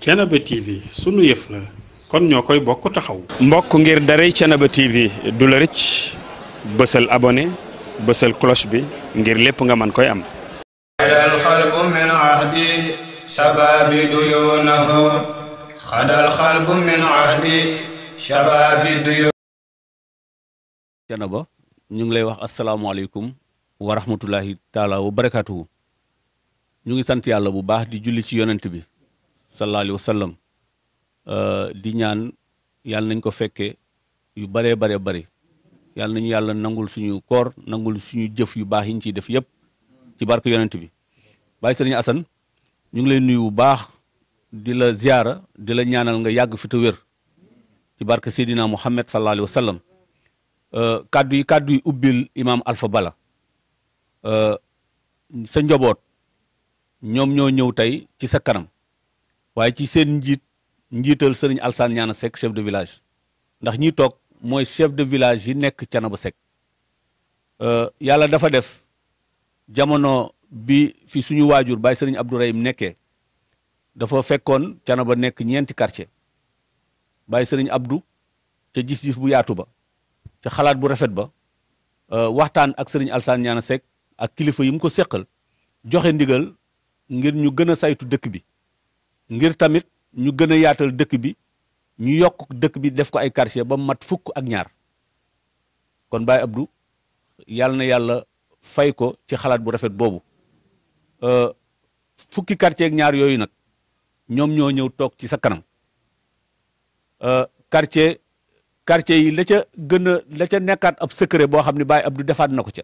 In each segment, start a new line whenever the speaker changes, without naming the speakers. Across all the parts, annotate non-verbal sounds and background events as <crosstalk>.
Thiénaba TV sunu yëf la kon ñoo koy bokk taxaw. mbokk ngir daray Thiénaba TV du la rëcc bësal abonné bësal cloche bi ngir lépp nga man koy am. xadal xalbu min ahdi shababi
ñu ngi lay wax asalaamaaleykum wa rahmatulahi taala wa ñu ngi sant yàlla bu baax di julli ci yonent bi. sallallahu alayhi wa sallam euh, di ñaan yàlla nañ ko fekkee yu baree bare bari yàlla nañ yàlla nangul suñu koor nangul suñu jëf yu baax yi ñu ciy def yëpp ci barke yonent bi bàyyi sëriñ asan ñu ngi leen nuyu bu baax di la ziyaara di la ñaanal nga yàgg fi te wér ci barke Seydina Muhammad sallallahu alayhi wa sallam euh, kàddu yi kàddu yi ubbil imaam Alpha Bala euh, sa njaboot ñoom ñoo ñëw tey ci sa kanam waaye ci seen njiit njiital sëriñ Alsaan Ñaana Seck chef de village ndax ñi toog mooy chef de village yi nekk Canaba Seck euh, yàlla dafa def jamono bi fi suñu waajur bàyyi sëriñ Abdou Rahim nekkee dafa fekkoon Canaba nekk ñeenti karce bàyyi sëriñ abdu ca jisif bu yaatu ba ca xalaat bu rafet ba euh, waxtaan ak sëriñ Alsaan Ñaana Seck ak kilifa yi mu ko seqal joxe ndigal ngir ñu gën a saytu dëkk bi ngir tamit ñu gën a yaatal dëkk bi ñu yokk dëkk bi def ko ay karce ba mu mat fukk ak ñaar kon Baye Abdou yàlla na yàlla fay ko ci xalaat bu rafet boobu euh, fukki quartier ñaar yooyu nag ñoom ñoo ñëw toog ci sa kanam euh, quartier quartier yi la ca gën a la ca nekkaat ab secret boo xam ne Baye Abdou defaat na ko ca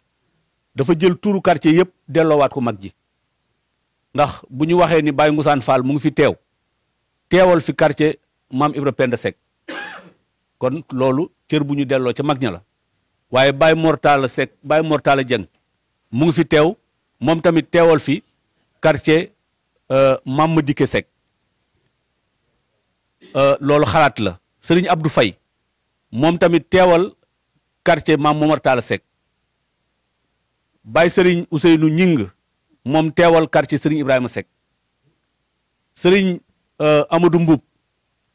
dafa jël turu quartier yëpp delloowaat ko mag ji ndax bu ñu waxee ni Baye Ngoussane Fall mu ngi fi teew teewal fi quartier maam Ibra Penda Seck kon loolu cër bu ñu delloo ca mag ña la waaye Baye Mortala Seck Baye Mortala Dieng mu ngi fi teew moom tamit teewal fi quartier maam ma dikke Seck euh, loolu xalaat la sëriñ ab du fay moom tamit teewal quartier maam Momar Talla Seck Baye Serigne Ousseynou Ñing moom teewal quartier Serigne Ibrahima Seck Serigne euh, Amadou Mboub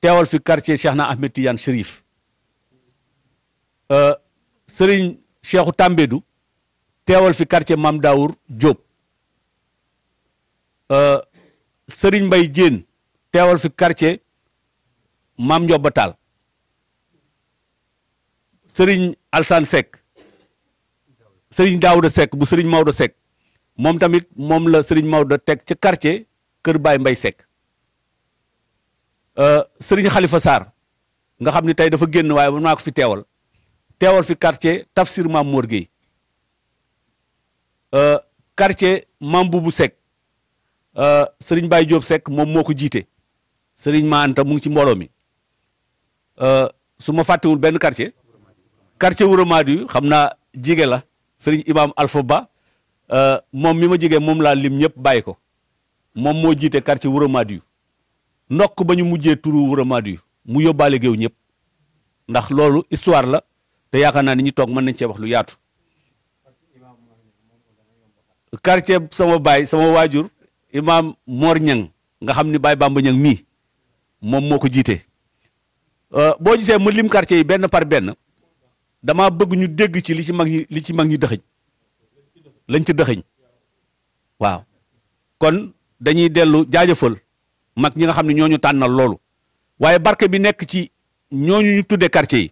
teewal fi quartier Cheikhna Ahmed Tidiane Chérif euh, Serigne Cheikhou tambedu teewal fi quartier Mame Daour Diop euh, Serigne mbay Diène teewal fi quartier Mame Ndioba Tall Serigne Alsane Seck Serigne Daouda Seck bu Serigne Maodo sek moom tamit moom la Serigne Maodo teg ca quartier Kër Baay Mbay Seck euh, Serigne xalifa Sarr nga xam ne tey dafa génn waaye man maa ko fi teewal teewal fi quartier Tafsir Maam Mor Gueye euh, quartier Maam Boubou Seck euh, Serigne baay Diop Seck moom moo ko jiite Serigne Maanta mu ngi ci mbooloo mi su ma fàttewul benn quartier quartier Wuro Madiou xam naa jige la Serigne Imam Alpha Ba Euh, moom mi ma jege moom laa lim ñëpp bàyyi ko moom moo jiite quartier Wuro Madiou ndokk ba ñu mujjee turu Wuro Madiou mu yóbbaale géew ñëpp ndax loolu histoire la te yaakaar naa ni ñu toog mën nañ cee wax lu yaatu quartier sama baay sama waajur imaam Mor Ñang nga xam ni Baay Bamba Ñang mii moom moo ko jiite euh, boo gisee ma lim quartier yi benn par benn dama bëgg ñu dégg ci li ci mag ñi li ci mag ñi dëxëñ lañ ci dëxëñ waaw kon dañuy dellu jaajëfal mag ñi nga xam ne ñooñu tànnal loolu waaye barke bi nekk ci ñooñu ñu tuddee quartier yi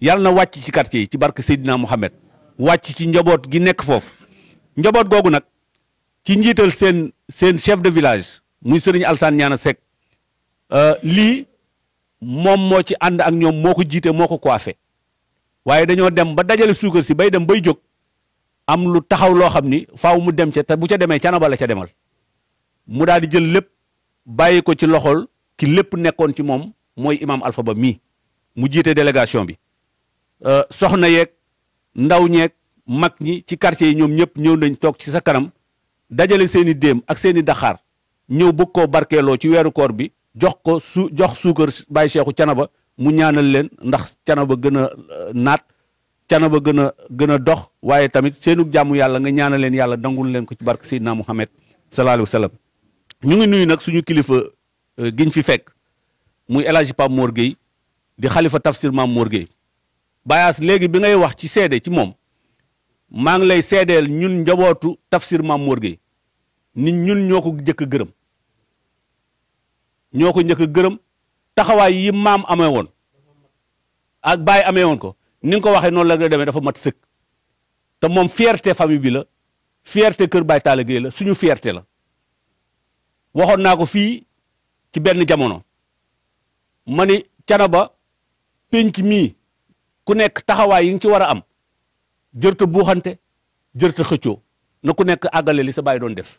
yàlla na wàcc ci quartier yi ci barke Seydina Mohamed wàcc ci njaboot gi nekk foofu njaboot googu nag ci njiital seen seen chef de village muy sëriñ Alsaan Ñaana Seck euh, lii moom moo ci ànd ak ñoom moo ko jiite moo ko coiffé waaye dañoo dem ba dajale suukar si bay dem bay jóg am lu taxaw loo xam ni faw mu dem ca te bu ca demee canaba la ca demal mu daal di jël lépp bàyyi ko ci loxool ki lépp nekkoon ci moom mooy imam Alpha Ba mii mu jiite délégation bi euh, soxna yeeg ndaw ñeek mag ñi ci quartier yi ñoom ñëpp ñëw nañ toog ci sa kanam dajale seeni déem ak seeni i daxaar ñëw bëgg koo barkeeloo ci weeru koor bi jox ko su jox suukar bàyyi seexu canaba mu ñaanal leen ndax canaba gën a euh, naat canaba gën a gën dox waaye tamit seenu jàmmu yàlla nga ñaanal leen yàlla dangul leen ko ci barke Seydina Muhammad sallallahu alayhi wa ñu ngi nuyu nag suñu kilifa euh, giñ fi fekk muy El Hadj Pape Mor di xalifa tafsir Maam Mor Gueye bayaas léegi bi ngay wax ci sedde ci moom maa ngi lay seddeel ñun njabootu tafsir Maam Mor Gueye nit ñun ñoo ko njëkk gërëm ñoo ko njëkk a gërëm taxawaay yi maam amee woon ak baay amee woon ko ni nga ko waxee noonu la nga demee dafa mat sëkk te moom fierté famille bi la fierté Kër Baye Talla Gueye la suñu fierté la waxoon naa ko fii ci benn jamono ma ni Canaba penc mii ku nekk taxawaay yi nga ci war a am jërta buuxante jërta xëccoo na ku nekk àggale li sa baay doon def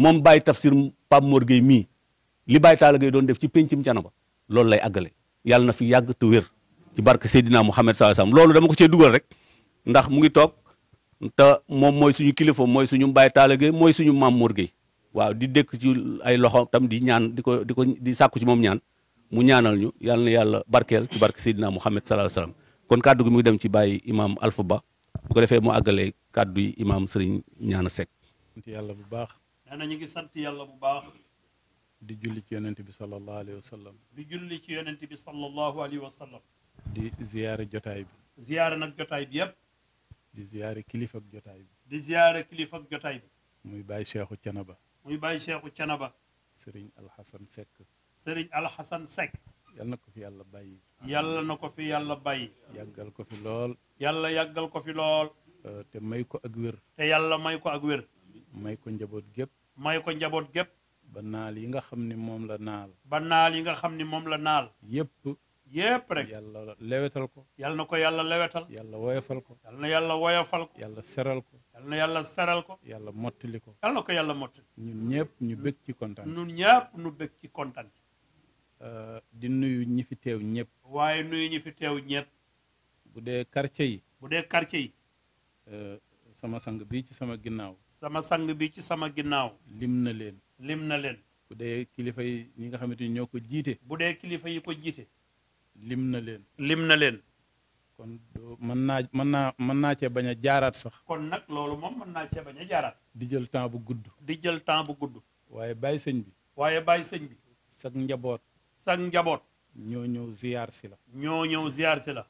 moom Baye Tafsir Pape Mor Gueye mii li Baye Talla Gueye doon def ci pencum Canaba loolu lay àggale yàlla na fi yàgg te wér ci barke Seydina Mouhamed sallallahu alayhi wasallam loolu dama ko cee dugal rek ndax mu ngi toog te moom mooy suñu kilifa mooy suñu mbaay Talla Gueye mooy suñu maam Mor Gueye waaw di dëkk ci ay loxo tam di ñaan di ko di ko di sàkku ci moom ñaan mu ñaanal ñu yàlla na yàlla barkeel ci barke Seydina Mouhamed sallallahu alayhi wasallam kon kaddu gi mu ngi dem ci bàyyi imaam Alpha Ba bu ko defee mu àggalee kaddu yi imaam Serigne Ñaana Seck.
sant yàlla bu baax. nee ñu ngi sant yàlla bu baax. ci yonent bi sallallahu alayhi di ziyaare jotaay bi. ziyaare nag jotaay bi yëpp. di ziyaare kilifa ak jotaay bi. di ziyaare kilifa ak jotaay bi. muy bàyyi Cheikhou Canaba. muy Alxasan Seck. sëriñ Alxasan Seck. yal na ko fi yàlla bàyyi. yàlla na ko fi yàlla bàyyi. yàggal ko fi lool. yàlla yàggal ko fi lool. Uh, te may ko ak wér. te yàlla may ko ak wér. may ko njaboot gépp. may ko njaboot gépp. ba naal yi nga xam ni moom la naal. ba yi nga xam ni moom la naal. yépp yépp rek yàlla lewetal ko yàlla na ko yàlla lewetal yàlla woyofal ko yàlla na yàlla woyofal ko yàlla seral ko yàlla na yàlla seral ko yàlla mottali ko yàlla na ko yàlla mottali ñun ñëpp ñu bëgg ci kontaan ñun ñëpp ñu bëgg ci kontaan euh, di nuyu ñi fi teew ñëpp waaye nuyu ñi fi teew ñëpp bu dee quartier bu dee quartier yi euh, sama sang bi ci sama ginnaaw sama sang bi ci sama ginnaaw lim na leen lim na leen bu dee kilifa yi ñi nga xamante ni ñoo ko jiite bu dee kilifa yi ko jiite lim na leen lim na leen kon mën naa mën naa mën naa cee bañ a jaaraat sax kon nag loolu moom mën naa cee bañ a jaaraat di jël temps bu gudd di jël temps bu gudd waaye bàyyi sëñ bi waaye bàyyi sëñ bi sag njaboot sag njaboot ñoo ñëw ziyaar si la ñoo ñëw ziyaar si la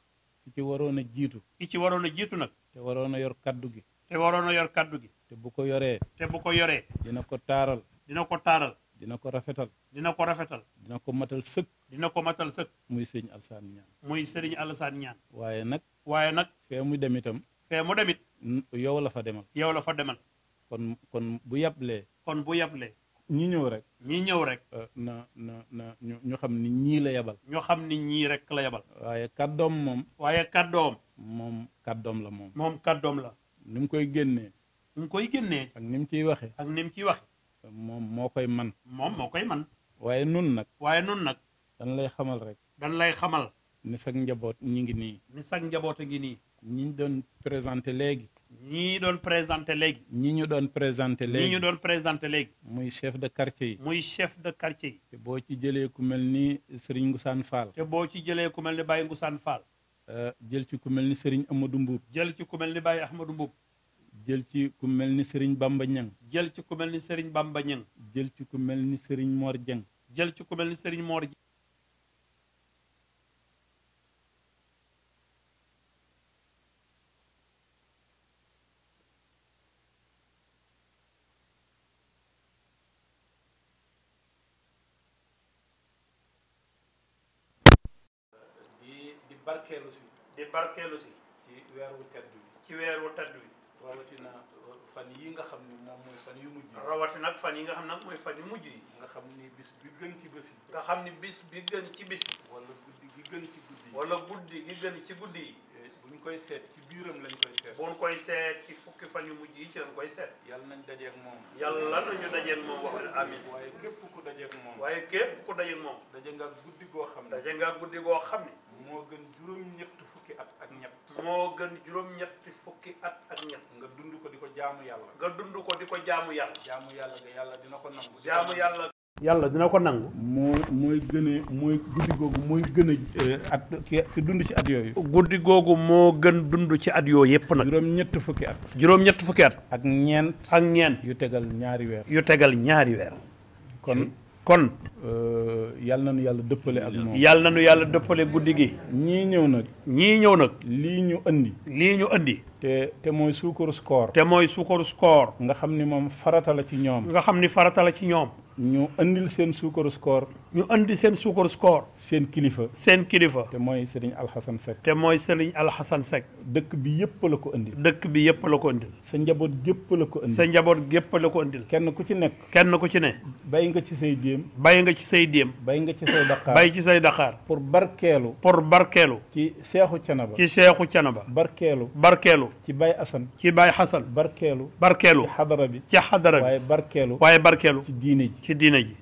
ki waroon a jiitu ki ci waroon a jiitu nag te waroon a yor kaddu gi te waroon a yor kaddu gi te bu ko yoree te bu ko yoree dina ko taaral dina ko taaral dina ko rafetal dina ko rafetal dina ko matal sëkk dina ko matal sëkk muy sëriñ Alassane Niane muy sëriñ Alassane Niane waaye nag waaye nag fee mu dem itam fee mu demit yow la fa demal yow la fa demal kon kon bu yablee kon bu yablee ñi ñëw rek ñi ñëw rek euh, na na ñu xam ni ñii la yabal ñu xam ni ñii rek la yabal waaye kàddoom moom waaye kàddoom moom kàddoom la moom moom kàddoom la ni mu koy génnee ni koy génnee ak ni mu ciy waxe ak ni mu ciy waxe moom moo koy man moom moo koy man waaye nun nag waaye nun nag dan lay xamal rek dan lay xamal ni sag njaboot ñi ngi nii ni sag njaboot a ngi nii ñi doon présenté léegi ñii doon présenté léegi ñi ñu doon présenté léegi ñi ñu doon présenté léegi muy chef de quartier yi muy chef de quartier yi te boo ci jëlee ku mel ni Serigne Ngoussane Fall te boo ci jëlee ku mel ni Baye Ngoussane Fall euh, jël ci ku mel ni Serigne Amadou Mbuub jël ci ku mel ni Baye Ahmadou jël ci ku mel ni Serigne Bamba Ñang jël ci ku mel ni Serigne Bamba Ñang jël ci ku mel ni Serigne Mor Jeng jël ci ku mel ni Serigne Mor rawati nag fan yi nga xam nag mooy fan yu mujj yi nga xam ni bis bi gën ci bés yi nga xam ni bis bi gën ci bis yi wala guddi gi gën ci guddi yi wala guddi gi gën ci guddi yi buñ koy seet ci biiram lañ koy seet buñ koy seet ci fukki fan yu mujj yi ci lañ koy seet
yàlla nañ dajeeg moom yàlla nañu dajeeg moom wax amin waaye képp ku dajeeg moom waaye képp
ku dajeeg moom daje nga guddi goo xam ne daje nga guddi goo xam ne moo gën juróom-ñett fukki at ak ñett moo gën juróom-ñetti fukki at ak ñett nga dund ko di ko jaamu yàlla nga dund ko di ko jaamu yàlla jaamu yàlla nga dina ko nangu jaamu yàlla yàlla dina ko nangu moo mooy gën a mooy guddi googu mooy gën a eh, at ki dund ci at yooyu guddi googu moo gën dund ci at yooyu yëpp nag juróom-ñett fukki at juróom-ñett fukki at ak ñeent ak ñeent yu tegal ñaari weer yu tegal ñaari weer kon kon.
Euh, yàlla na nu yàlla dëppale ak moom
yàlla na nu yàlla dëppale guddi gi. ñii ñëw nag. ñii ñëw nag. lii ñu andi. lii ñu indi te te mooy suukaru koor. te mooy suukaru koor. nga xam ni moom faratal la ci ñoom. nga xam ni faratal a ci ñoom. ñu indil seen suukaru score. ñu andi seen suukaru score. seen kilifa. seen kilifa. te mooy Serigne Alxasan Seck. te mooy Serigne Alxasan Seck. dëkk bi yëpp la ko andil. dëkk bi yëpp la ko andil. sa njaboot gépp la ko andil. sa njaboot gépp la ko kenn ku ci nekk. kenn ku ci ne. bàyyi nga ci say déem. bàyyi nga ci say
déem. bàyyi nga ci say daqaar. bàyyi
ci say daqaar. pour barkeelu. pour barkeelu. ci seexu canaba. ci seexu canaba. barkeelu. barkeelu. ci Baye Assane. ci Baye Xasan. barkeelu. barkeelu. ci xadara bi. ci xadara bi waaye barkeelu. waaye barkeelu. ci ci diina ji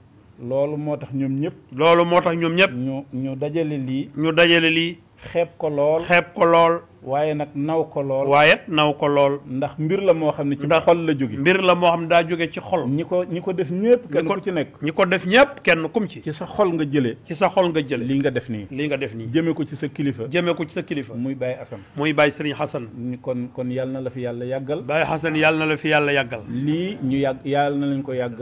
loolu moo tax ñoom ñëpp loolu moo tax ñoom ñëpp ñu ñu dajale lii ñu dajale lii xeeb ko lool xeeb ko lool waaye nag naw ko lool waaye naw ko lool ndax mbir la moo xam ne ci xol la jóge mbir la moo xam ne daa jóge ci xol ñi ko ñi ko def ñëpp kenn ku ci nekk ñi ko def ñëpp kenn kum ci ci sa xol nga jëlee ci sa xol nga jëlee lii nga def nii lii nga def nii jëmee ko ci sa kilifa jëmee ko ci sa kilifa muy Baye Assane muy Baye Serigne Assane kon kon yàlla na la fi yàlla yàggal Baye Assane yàlla na la fi yàlla yàggal lii ñu yàgg yàlla na lañ ko yàgg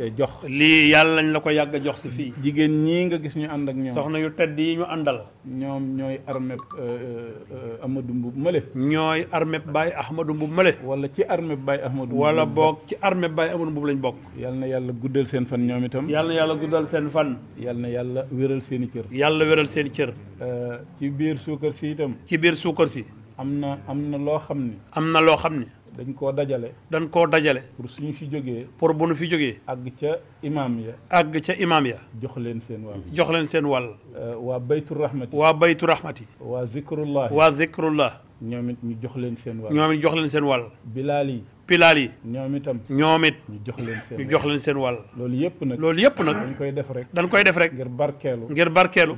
eh, jox lii yàlla nañ la ko yàgg jox si fii jigéen ñii nga gis ñu ànd ak ñoom soxna yu tedd yi ñu àndal ñoom ñooy armée eh, eh, Ahmadou Mboub Mële. ñooy armée Baye Ahmadou Mboub Mële. wala ci armée Baye Ahmadou Mboub wala boog ci armée Baye Ahmadou Mboub lañ bokk. yal na yàlla guddal seen fan ñoom itam. yal na yàlla guddal seen fan.
yal na yàlla wéral seeni i cër.
yàlla wéral seeni i cër. Euh, ci biir suukar si itam. ci biir suukar si. am na am na loo xam ne. am na loo xam ne. dañ koo dajale. dañ koo dajale. pour ñu fi jógee. pour bu nu fi jógee. àgg ca imaam ya. àgg ca imaam ya. jox leen seen wàll. jox leen seen wàll. Euh, waa baytu rahmati. waa baytu rahmati. waa zikrullah. waa zikrullah. ñoom it ñu jox leen seen wàll. ñoom it jox leen seen wàll. bilaal yi. pilaal yi. ñoom itam ñoom it. ñu jox leen seen ñu jox leen seen wàll. loolu yëpp nag loolu yëpp nag. dañ koy def rek dañ koy def rek. ngir barkeelu ngir barkeelu.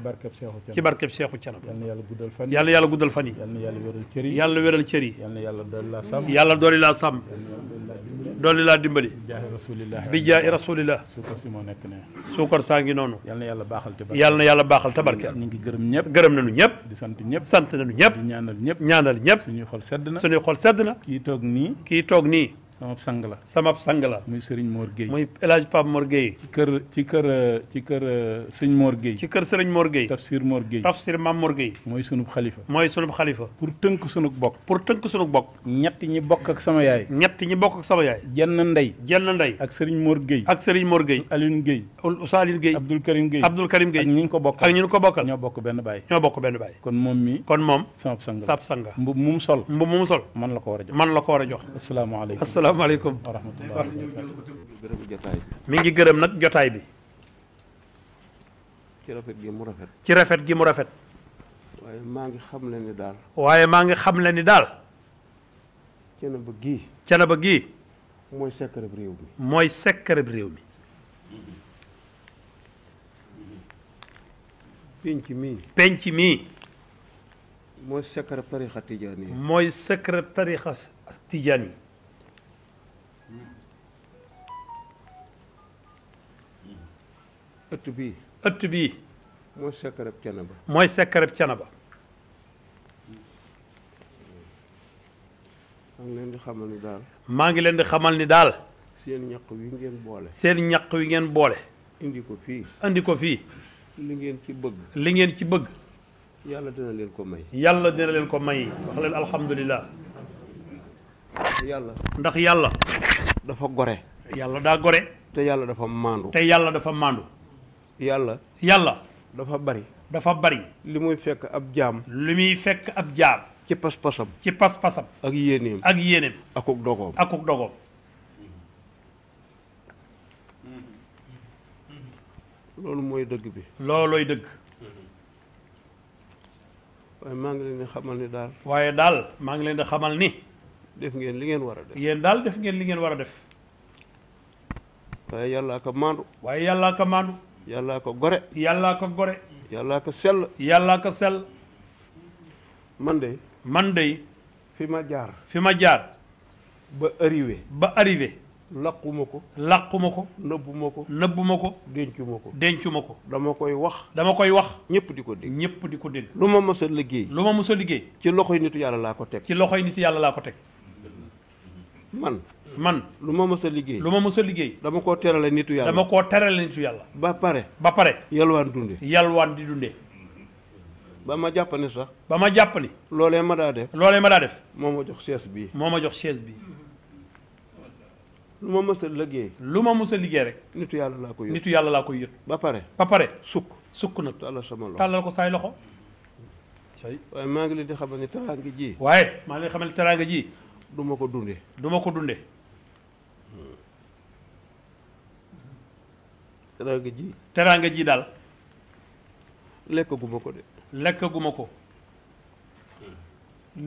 ci barkeb Seexu Canam. yal na yàlla guddal fan yi yal na yàlla guddal fan yi. yal na yàlla wéral cër yi na wéral cër yi. yal na yàlla dooli laa sàmm yàlla dooli laa sàmm. dooli laa dimbali. bi jaahi rasulillah. suukar si suukar saa ngi noonu. yal yàlla baaxal te barkeel yal baaxal te barkeel. ñu ngi gërëm ñëpp gërëm nañu ñëpp. di sant ñëpp sant nañu ñëpp. di ñaanal ñëpp ñaanal ñëpp. suñuy xol sedd na suñuy xol sedd na. kii toog nii kii toog nii sama sang la sama sang la. muy Serigne moor Gueye. muy El Hadj Pape Mor Gueye. ci kër ci kër ci kër euh, Serigne Mor Gueye. ci kër Serigne Mor Gueye. Tafsir moor Gueye. Tafsir Mam Mor Gueye. mooy sunub xalifa. mooy sunub xalifa. pour tënk sunug bokk. pour tënk sunug bokk. ñetti ñi bokk ak sama yaay. ñetti ñi bokk ak sama yaay. jenn ndey. jenn ndey. ak Serigne moor Gueye. ak Serigne Mor Gueye. Alioune Gueye. Oustaz Alioune Gueye. Abdoul Karim Gueye. Abdoul Karim Gueye. ak ñu ko bokkal ñu ko bokkal. ñoo bokk benn baay. ñoo benn baay. kon moom mi. kon moom. sama sang la sab sang la. mbubb mu sol. man la ko war man la ko war a jox. asalaamaaleykum asalaamaaleykum wa rahmatulah mi ngi gërëm nag jotaay bi ci rafet gi mu rafet ci rafet gi mu rafet waaye maa ngi xam le ni daal waaye maa ngi xam le ni daal Thiénaba gii Thiénaba gii mooy sekkareb réew mi mooy sekkareb réew mi penc mii mooy secret tarixa tijaan yi mooy secret tarixa tijaan yi ëtt bii ëtt bii. mooy sekkarab canaba. mooy sekkarab canaba. maa ngi leen di xamal ni daal. maa ngi leen di xamal ni daal. seen ñaq wi ngeen boole. seen ñaq wi ngeen boole. indi ko fii. indi ko fii. li ngeen ci bëgg. li ngeen ci bëgg. yàlla dina leen ko may. yàlla dina leen ko may wax leen alhamdulilah. yàlla. ndax yàlla. dafa gore. yàlla daa gore. te yàlla dafa maandu. te yàlla dafa maandu. yàlla yàlla dafa bari dafa bari li muy fekk ab jaam li muy fekk ab jaam ci pas-pasam ci pas-pasam ak yéeneem ak yéeneem akuk dogoom akuk dogoom loolu mooy dëgg bi loolooy dëgg waaye maa ngi leen di xamal ni daal waaye daal maa ngi leen di xamal ni def ngeen li ngeen war a def yéen daal def ngeen li ngeen war a def waaye yàlla ak a maandu waaye yàlla ak maandu yàllaa ko gore yàllaa ko gore yàllaa ko sell yàllaa ko sell man de man de fi ma jaar fi ma jaar ba arrivé ba arrivé laquma ko laquma ko nëbbuma ko nëbbuma ko dencuma ko dencuma ko dama koy wax dama koy wax ñëpp di ko dégg ñëpp di ko dégg lu ma mës a liggéey lu ma mës a liggéey ci loxoy nitu yàlla laa ko teg ci loxoy nitu yàlla laa ko teg man man lu ma mës a liggéey lu ma mësa liggéey dama koo terale nitu yàlla dama koo terale nitu yàlla ba pare ba pare yalwaan dunde yalwaan di dunde ba ma jàpp ne sax ba ma jàpp ni loolee ma daa def loolee ma daa def moo ma jox chaise bii moo ma jox chaise bii lu ma mës liggéey lu ma mës a liggéey rek nitu yàlla laa koy yët nitu yàlla laa koy ba pare ba pare sukk sukk nag tàllal sama loxo tàllal ko saay loxo waaye maa ngi leen di xamal ne teraanga ji waaye maa ngi leen di xamal ne ji du ko dunde du ma ko dunde teraanga ji. teraanga ji daal. lekkaguma ko de. lekkaguma ko.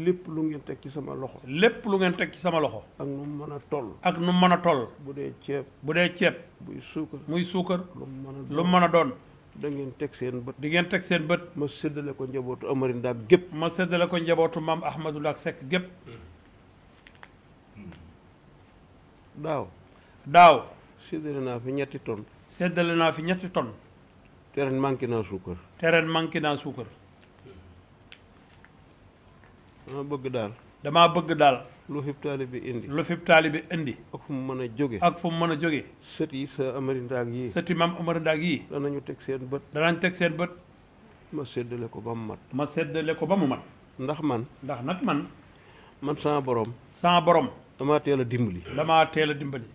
lépp lu ngeen teg ci sama loxo. lépp lu ngeen teg ci sama loxo. ak nu mu mën a toll. ak nu mu mën a toll. bu dee ceeb. bu dee ceeb. muy suukar. muy suukar. lu mu mën a doon lu da ngeen teg seen bët. di ngeen teg seen bët. ma séddale ko njabootu Amari Ndaak gépp. ma séddale ko njabootu maam Ahmadou Ndaak Seck gépp. daaw. daaw. séddale naa fi ñetti tonn. seddale naa fi ñetti ton te ren manqué naa suukar. te ren manqué naa suukar. dama bëgg daal. damaa bëgg daal. lu fi taalibe bi indi. lu fi taalibe bi indi. ak fu mu mën a jóge. ak fu mu mën a jóge. sët yi sa Amari Ndaak yii. sët yi maam yii. danañu teg seen bët. danañ teg seen bët. ma seddale ko ba mu mat. ma seddale ko ba mu mat. ndax man. ndax nag man. man sama boroom sama borom. damaa teel a dimbali. damaa teel a dimbali.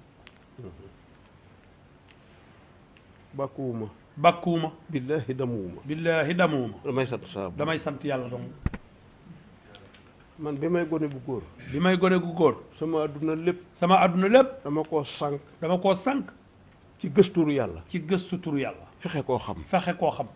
bàkkuwuma bàkkuwuma billaahi damuwuma billaahi damuwuma damay sant saabu damay sant yàlla doom man bi may gone bu góor bi may gone gu góor sama àdduna lépp sama àdduna lépp dama koo sànq dama koo sànq ci gësturu yàlla ci gëstu turu yàlla fexe koo xam fexe koo xam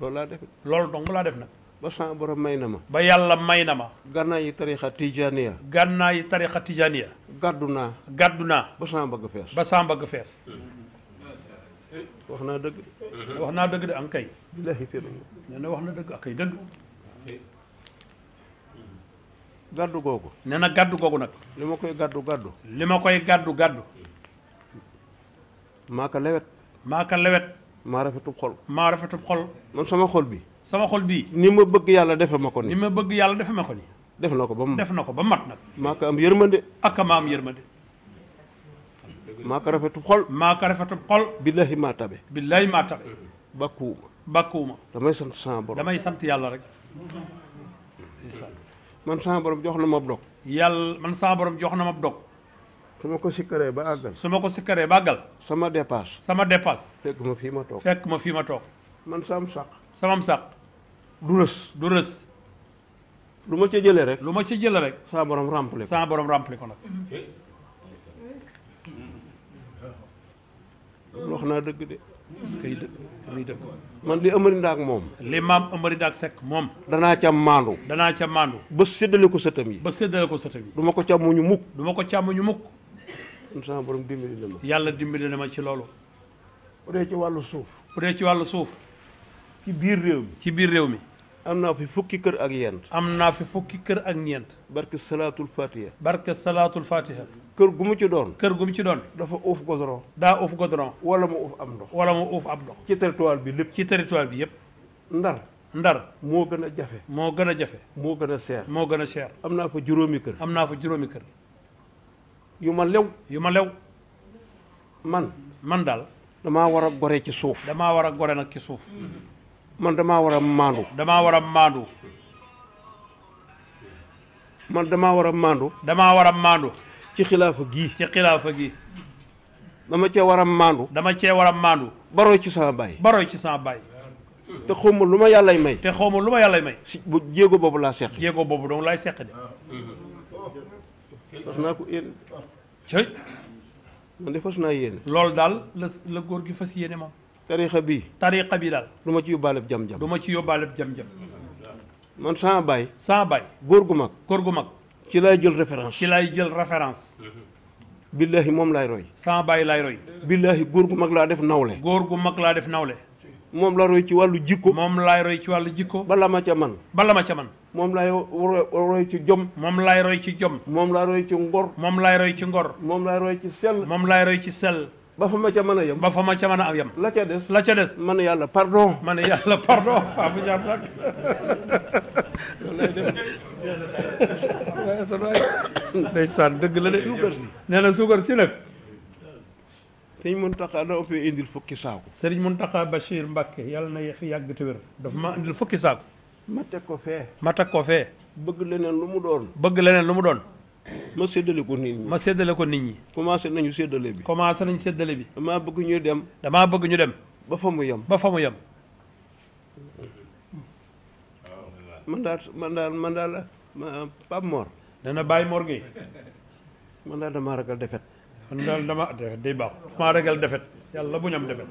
loolu laa def loolu dong laa def nag ba sama borom may na ma. ba yàlla may na ma. gànnaay yi tarixa ya gànnaay yi tarixa tijaaniya. gàddu naa. gàddu naa. ba sama bëgg fees. ba sama bëgg fees. wax naa dëgg. wax naa dëgg de am kay. billahi wax na dëgg ak kay dëgg. gàddu googu. nee na gàddu googu nag. li ma koy gàddu gàddu. li ma koy gàddu gàddu. maa ka lewet. maa ka lewet. maa rafetub xol. maa rafetub xol. man sama xol bi. sama xol bii. ni ma bëgg yàlla defe ma ko ni. ni ma bëgg yàlla defe ma ko ni. def na ko ba mu def na ba mat nag. maa ko am yërmande. ak ma am yërmande. maa ko rafetu xol. maa ko rafetu xol. billahi maa tabe. billahi maa tabe. bakkuwuma. bakkuwuma. damay sant sama borom damay sant yàlla rek. man sama borom jox na ma dog. yàlla man sama jox na ma dog. su ko sikkaree ba àggal. su ko sikkaree ba àggal. sama dépasse. sama dépasse. fekk ma fii ma toog. fekk ma fii ma toog. du rës du rës lu ma ca jëlee rek lu ma ci jële rek saa borom rempli saa borom rempli ko nag loolu wax naa dëgg de parce que dëgg muy dëgg man li Amary Ndaak moom li maam Amary Ndaak sekk moom danaa cam maandu danaa ca maandu ba séddale ko sëtam yi ba séddale ko sëtam yi du ma ko càmmuñu mukk du ma ko ñu mukk kon borom dimbali na ma yàlla dimbali na ma ci loolu bu dee ci wàllu suuf bu dee ci wàllu suuf ci biir réew mi ci biir réew mi am naa fi fukki kër ak yent am naa fi fukki kër ak ñeent barke salaatul fatiha barke salaatul fatiha kër gu mu ci doon kër gu mu ci doon dafa uuf goudron daa uuf goudron wala mu uuf am ndox wala mu uuf am ndox ci territoire bi lépp ci territoire bi yëpp ndar ndar moo gën a jafe moo gën a jafe moo gën a seer moo gën a seer am naa fa juróomi kër am naa fa juróomi kër yu ma lew yu ma lew man man daal damaa war a gore ci suuf damaa war a gore nag ci suuf man damaa war a maandu. damaa war a maandu. man damaa war a maandu. damaa war a maandu. ci xilaafa gii. ci xilaafa gii. dama cee war a maandu. dama cee war a maandu. baroo ci sama baay. baroo ci sama baay. te xaw ma lu ma yàlla yàllay may. te xaw ma lu ma yàllay may. si bu jéego boobu laa seq. jéego boobu doo laay seq de.
fas naa ko yéene.
cëy. man de fas naa yéene. loolu daal la góor gi fas yéene moom. tariqa bi tariqa bi daal du ma ci yóbbaale jam-jam du ma ci yóbbaale jam-jam man sama baay saa baay góor gu mag góor gu mag ci laay jël référence ci laay jël référence billaahi moom laay roy sama baay laay roy billaahi góor gu mag laa def nawle góor gu mag laa def nawle moom la roy ci wàllu jikko moom laay roy ci wàllu jikko bala ma ca man bala ma ca man moom laay roy ci jom moom laay roy ci jom moom laay roy ci ngor moom laay roy ci ngor moom laay roy ci sell moom laay roy ci sell ba ma ca mën a yem ma ca am yem. la ca des la ca des. man ne yàlla pardon. ma ne yàlla pardon waaw bu jaar nag.
ndeysaan dëgg la de. suukar si
nee na suukar si nag. sëriñ Mountakha indil fukki saako. sëriñ Mountakha Bachir Mbacke yàlla na fi yàgg te wér dafa ma indil fukki saako. ma teg ko fee. ma teg ko fee. bëgg leneen lu mu doon. bëgg leneen lu mu doon. ma séddale ko nit ñi. ma séddale ko nit ñi. commencé nañu séddale bi. commencé nañu séddale bi. damaa bëgg ñu dem. damaa bëgg ñu dem. ba fa mu yem. ba fa mu yem. man daal man daal man daal Pape Mor. dana bàyyi Mor Gueye. man daal damaa ragal defet. man daal dama defet day baax. damaa ragal defet yàlla bu ñu defet.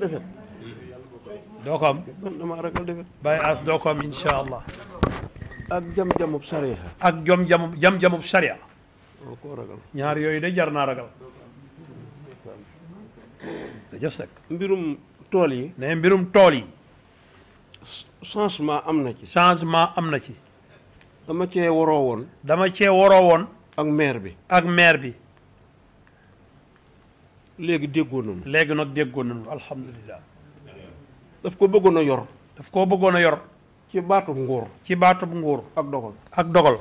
defet. doo ko am.
man damaa ragal defet. bàyyi as doo ko allah. ak jam-jamub sariya. ak jom jamub jam-jamub sariya. koo ragal ñaar yooyu de jar naa ragal. jëf sekk mbirum tool yi. ne mbirum tool yi. changement am na ci. changement am na ci. dama cee waroo woon. dama cee waroo woon. ak maire bi. ak maire bi. léegi déggoo nañu. léegi nag déggoo nañu alhamdulilah. daf ko bëggoon a yor. daf koo bëggoon a yor. ci baatub nguur. ci baatub nguur. ak dogal ak dogal.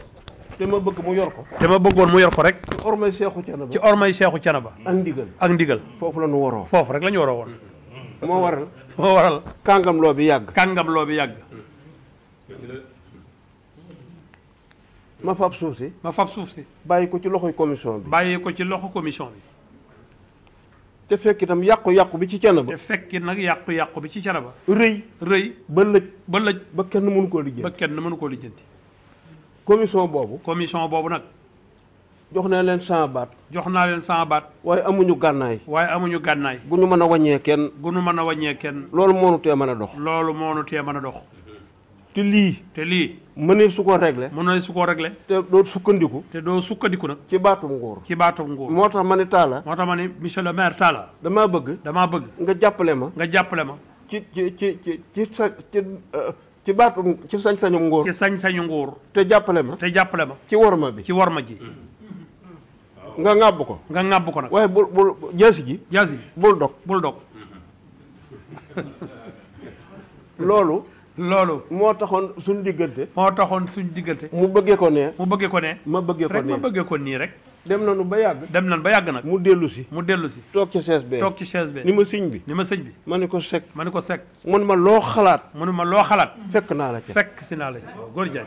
te ma bëgg mu yor ko. te ma bëggoon mu yor ko rek. ci ormay seexu canaba. ci ormay seexu canaba. ak ndigal ak ndigal. foofu la ñu waroo. foofu rek la ñu waroo woon. moo waral. moo waral. kàngamloo bi yàgg. kàngam bi yàgg. ma fab suuf si. ma fab suuf si. bàyyi ko ci loxo commission bi. bàyyi ko ci loxo commission bi. te fekk tam yàqu-yàqu bi ci cana ba. te fekk nag yàqu-yàqu bi ci cana ba. rëy rëy ba lëj. ba ba kenn mënu koo lijjanti. ba kenn mënu koo lijjanti. commission boobu. commission boobu nag. jox naa leen cent baat. jox naa leen cent baat. waaye amuñu gànnaay. waaye amuñu gànnaay. gu nu mën a wàññee kenn. gu nu mën a wàññee kenn. loolu moo nu tee mën a dox. loolu moo nu tee mën a dox. te lii te lii mënee su ko réglé mënee su ko réglé te doo sukkandiku te doo sukkandiku nag ci baatum nguur ci baatum nguur moo tax ma ne Talla moo tax ma ne monsieur le maire Talla damaa bëgg damaa bëgg nga jàppale ma nga jàppale ma ci ci ci ci euh, baatum ci sañ-sañu nguur ci sañ-sañu nguur te jàppale ma te jàppale ma ci warma bi ci war ma ji nga ŋàbb ko nga ŋàbb ko nag waaye bul bul jaasi ji jaasi ji bul dog bul dog loolu loolu moo taxoon suñ diggante moo taxoon suñ diggante mu bëggee ko ne mu bëggee ko ne ma bëggee ko ne ma nii rek dem na nañu ba yàgg dem nañu ba yàgg nag mu dellu si mu dellu si toog ci chaise bi toog ci chaise bi ni ma sëñ bi ni ma sëñ bi ma ne ko sec ma ne ko sec mun ma loo xalaat mun ma loo xalaat fekk naa la ci fekk si naa la ci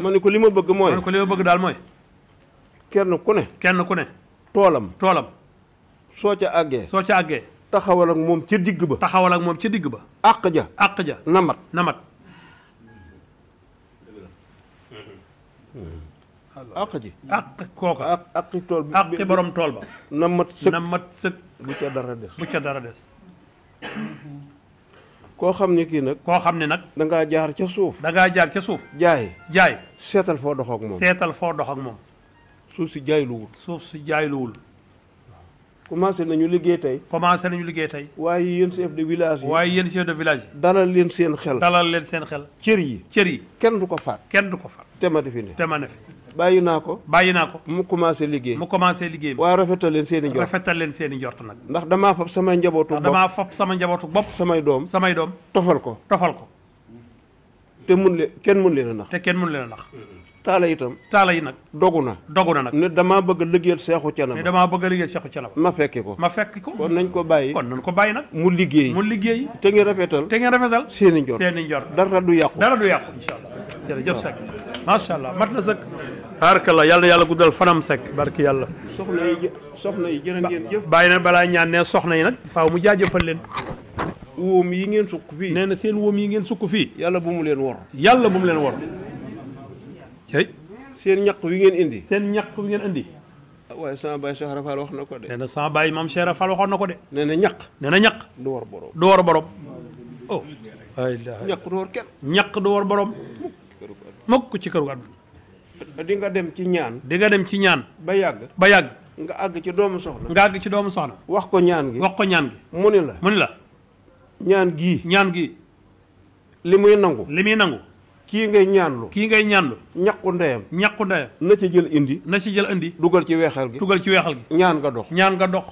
ma ne ko li ma bëgg mooy ma ne ko li ma bëgg daal mooy kenn ku ne kenn ku ne toolam toolam soo ci àggee soo ci àggee taxawal ak moom ca digg ba. taxawal ak moom ca digg ba. àq ja àq ja. namat namat. àq ji àq kooka. àq àqi tool bi àqi borom tool ba. namat sëkk namat sëkk. bu ca dara des ca dara des. koo xam ne kii nag. koo xam ne nag. dangaa jaar ca suuf. da ngaa jaar ca suuf. jaay jaay. seetal foo dox ak moom seetal foo dox ak moom. suuf si jaay luwul. suuf si jaay luwul. commencé nañu liggéey tey. commencé nañu liggéey tey. waaye yéen village yi. waaye yéen chef de village yi. dalal leen seen xel. dalal leen seen xel. cër yi cër yi. kenn du ko faat. kenn du ko faat. te ma defi ne te ma ne fi. bàyyi naa ko bàyyi naa ko mu commencé liggéey mu commencé liggéey waaye rafetal leen seen i njort rafetal leen seen nag ndax damaa fab sama njabootu bopp damaa fab sama njabootu bopp samay doom samay doom tofal ko tofal ko te mun leen kenn leen a nax. te kenn mun leen a nax. taala itam. taala yi nag. dogu na dogu na nag. damaa bëgg a liggéeyal seexu canaba. ne bëgg a liggéeyal seexu ma fekki ko ma fekki ko. kon nañ ko bàyyi. kon nañ ko bàyyi nag. mu liggéey mu liggéey. te ngeen rafetal. te ngeen rafetal. seen i njor seen i njor. dara du yàqu dara du yàqu incha allah. jërëjëf Seck macha allah mat na Seck. baarkalla yàlla yàlla guddal fanam Seck barki yàlla. soxna yi soxna yi jërë ngeen bàyyi na balaa ñaan ne soxna yi nag faaw mu jaajëfal leen wóom yi ngeen sukk fii nee na seen woom yi ngeen sukk fii yàlla bu mu leen wor yàlla bu mu leen wor seen ñaq wi ngeen indi seen ñaq wi ngeen indi ah, waaye sama baay Cheikh wax na ko de nee na sama baay maam na ko de nee na ñaq nee na ñaq du war borom du war borom oh ñaq du war kenn ñaq du borom mukk ci këru àdduna di nga dem ci ñaan di nga dem ci ñaan ba yàgg ba yàgg nga àgg ci doomu soxna nga àgg ci doomu soxna wax ko wax ko ñaan gi mu ni la mu ni la ñaan gii ñaan gi li muy nangu li muy nangu kii ngay ñaanlu kii ngay ñaanlu ñaqu ndeyam ñaqu ndeyam na ci jël indi na ci jël indi dugal ci weexal gi dugal ci weexal gi ñaan nga dox ñaan nga dox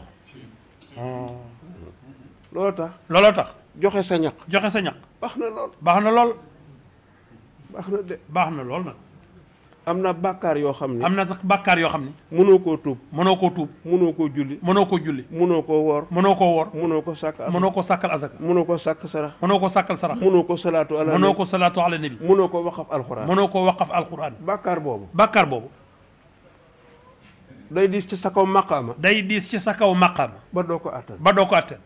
looloo tax looloo tax joxe sa ñaq joxe sa ñaq baax baax na lool baax na de baax na lool nag am na bàkkaar yoo xam ne am na sax bàkkaar yoo xam ne mënoo koo tuub mënoo koo mënoo koo julli mënoo koo julli mënoo koo woor mënoo ko woor mono ko sàkk mënoo ko sàkkal asaka mënoo ko sàkk sarax mënoo ko sàkkal sarax mënoo ko salaatu ala mënoo ko salaatu ala nabi mënoo ko waqaf alxuraan mënoo ko waqaf alxuraan bàkkaar boobu boobu day diis ci sa kaw maqaama day diis ci sa kaw maqaama ba doo ko attan ba doo ko attan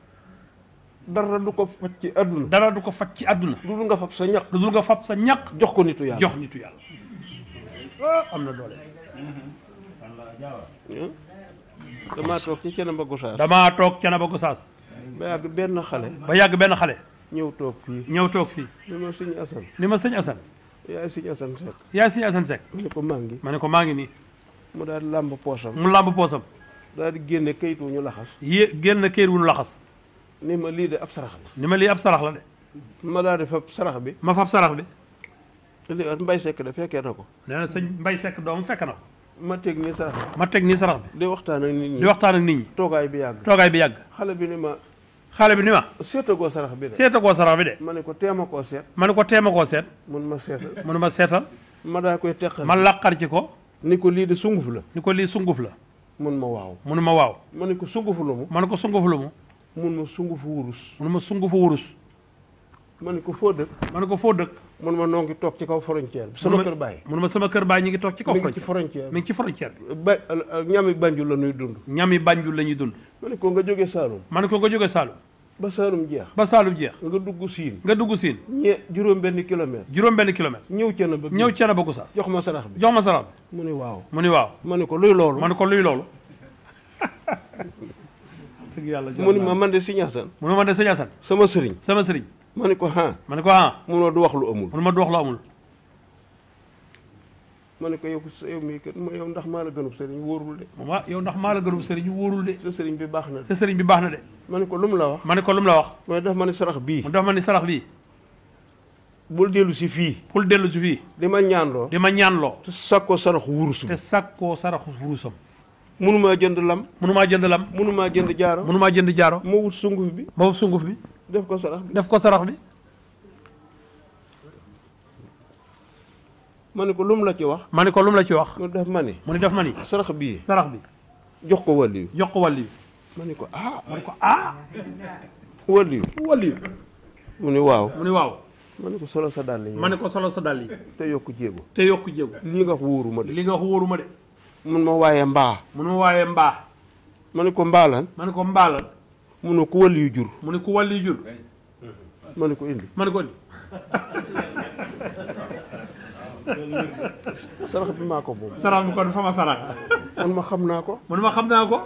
dara du ko faj ci àdduna dara du ko faj ci àdduna du nga fab sa ñaq nga fab sa ñaq jox ko nitu yàlla yàlla Ah, am na doole. Hmm? damaa toog ci Thiénaba Gossas. damaa toog Thiénaba Gossas. ba yàgg benn xale. ba yàgg benn xale. ñëw toog fii. ñëw toog fii. ni ma sëñ Assane. ni ma sëñ Assane. yaay sëñ Assane Seck. ma ne ko maa ngi. ma ne ko maa nii. mu daal di làmb poosam. mu làmb poosam. daal di génne kayit wu ñu laxas. yé génne kayit wu ñu laxas. ni ma lii de ab sarax la. ni ma lii ab sarax la de. ma daal di fab sarax bi. ma fab sarax bi. li mbay sekk da fekkee na ko nee na sëñ Mbaye Seck doomu fekk na ko ma teg nii sarax bi ma teg nii sarax bi di waxtaan ak nit ñi di waxtaan ak nit ñi toogaay bi yàgg toogaay bi yàgg xale bi ni ma xale bi ni ma seetagoo sarax bi de seetagoo sarax bi de ma ne ko teema koo seet ma ne ko teema koo seet mun ma seetal mun ma seetal ma daa koy teqal ma laqar ci ko ni ko lii di sunguf la ni ko lii sunguf la mun ma waaw mun ma waaw ma ne ko sunguf lu mu ma ne ko sunguf lu mu mun ma sunguf wurus mun ma sunguf wurus ma ne ko foo dëkk ma ne ko foo dëkk mun ma noo ngi toog ci kaw frontière bi sama kër baay mun ma sama kër baay ñu ngi toog ci kaw frontière mi ngi ci frontière bi ba euh, ñami banjul la ñuy dund ñami banjul la ñuy dund ma nga jógee Saalum ma ne ko nga jógee Saalum ba Saalum jeex ba Saalum jeex nga dugg siin nga dugg siin juróom benn kilomètre juróom benn kilomètre ñëw cana ba ñëw cana ba Gossas jox ma sarax bi jox ma sarax bi mu waaw mu ne waaw ma ne ko luy loolu ma ne ko luy loolu <laughs> yàlla mu ne ma man de Sëñ Asan mu ne ma man de Sëñ sama sëriñ sama sëriñ ma ne ko ah. ma ne ko ah. munoo du wax lu amul. munuma du wax lu amul. ma ne ko yow yow mii kat yow ndax maa la gënub sëriñ wóorul de. waaw ah, yow ndax maa la gënub sëriñ wóorul de. sa sëriñ bi baax na de. sa sëriñ bi baax na de. ma ne ko lum la wax. ma ne ko lum la wax. mooy daf ma ni sarax bii. mu daf ma ni sarax bii. bul dellu si fii. bul dellu si fii. di ma ñaanloo. di ma ñaanloo. te sakkoo saraxu wurusam. te sakkoo saraxu wurusam. munumaa jënd lam. munumaa jënd lam. munumaa jënd jaaro. munumaa jënd jaaro. ma wut sunguf bi. ma wut sunguf bi. def ko sarax bi def ko sarax bi. ma ne ko lum la ci wax. ma ne ko lum la ci wax. mu def ma ni. def ma ni. sarax bii. sarax bi jox ko wàllu jox ko wàllu yi. ma ne ko ah. ma ko ah. wàllu yi. wàllu waaw. mu ni waaw. ma ko solo sa dàll yi. ma ne ko solo sa dàll yi. te yokku jéego. te yokk jéego. lii nga wax wóoru ma de. lii nga wax de. mun ma waaye mbaa. mun ma waaye mbaa. ma ne ko ma ne ko mbaalan. mu ne ku wàllu yu jur. mu ne ku wàllu yu jur. ma ne ko indi ma ko indi. sarax bi maa ko boobu. sarax bi kon fa ma sarax. man ma xam naa ko. man ma xam naa ko.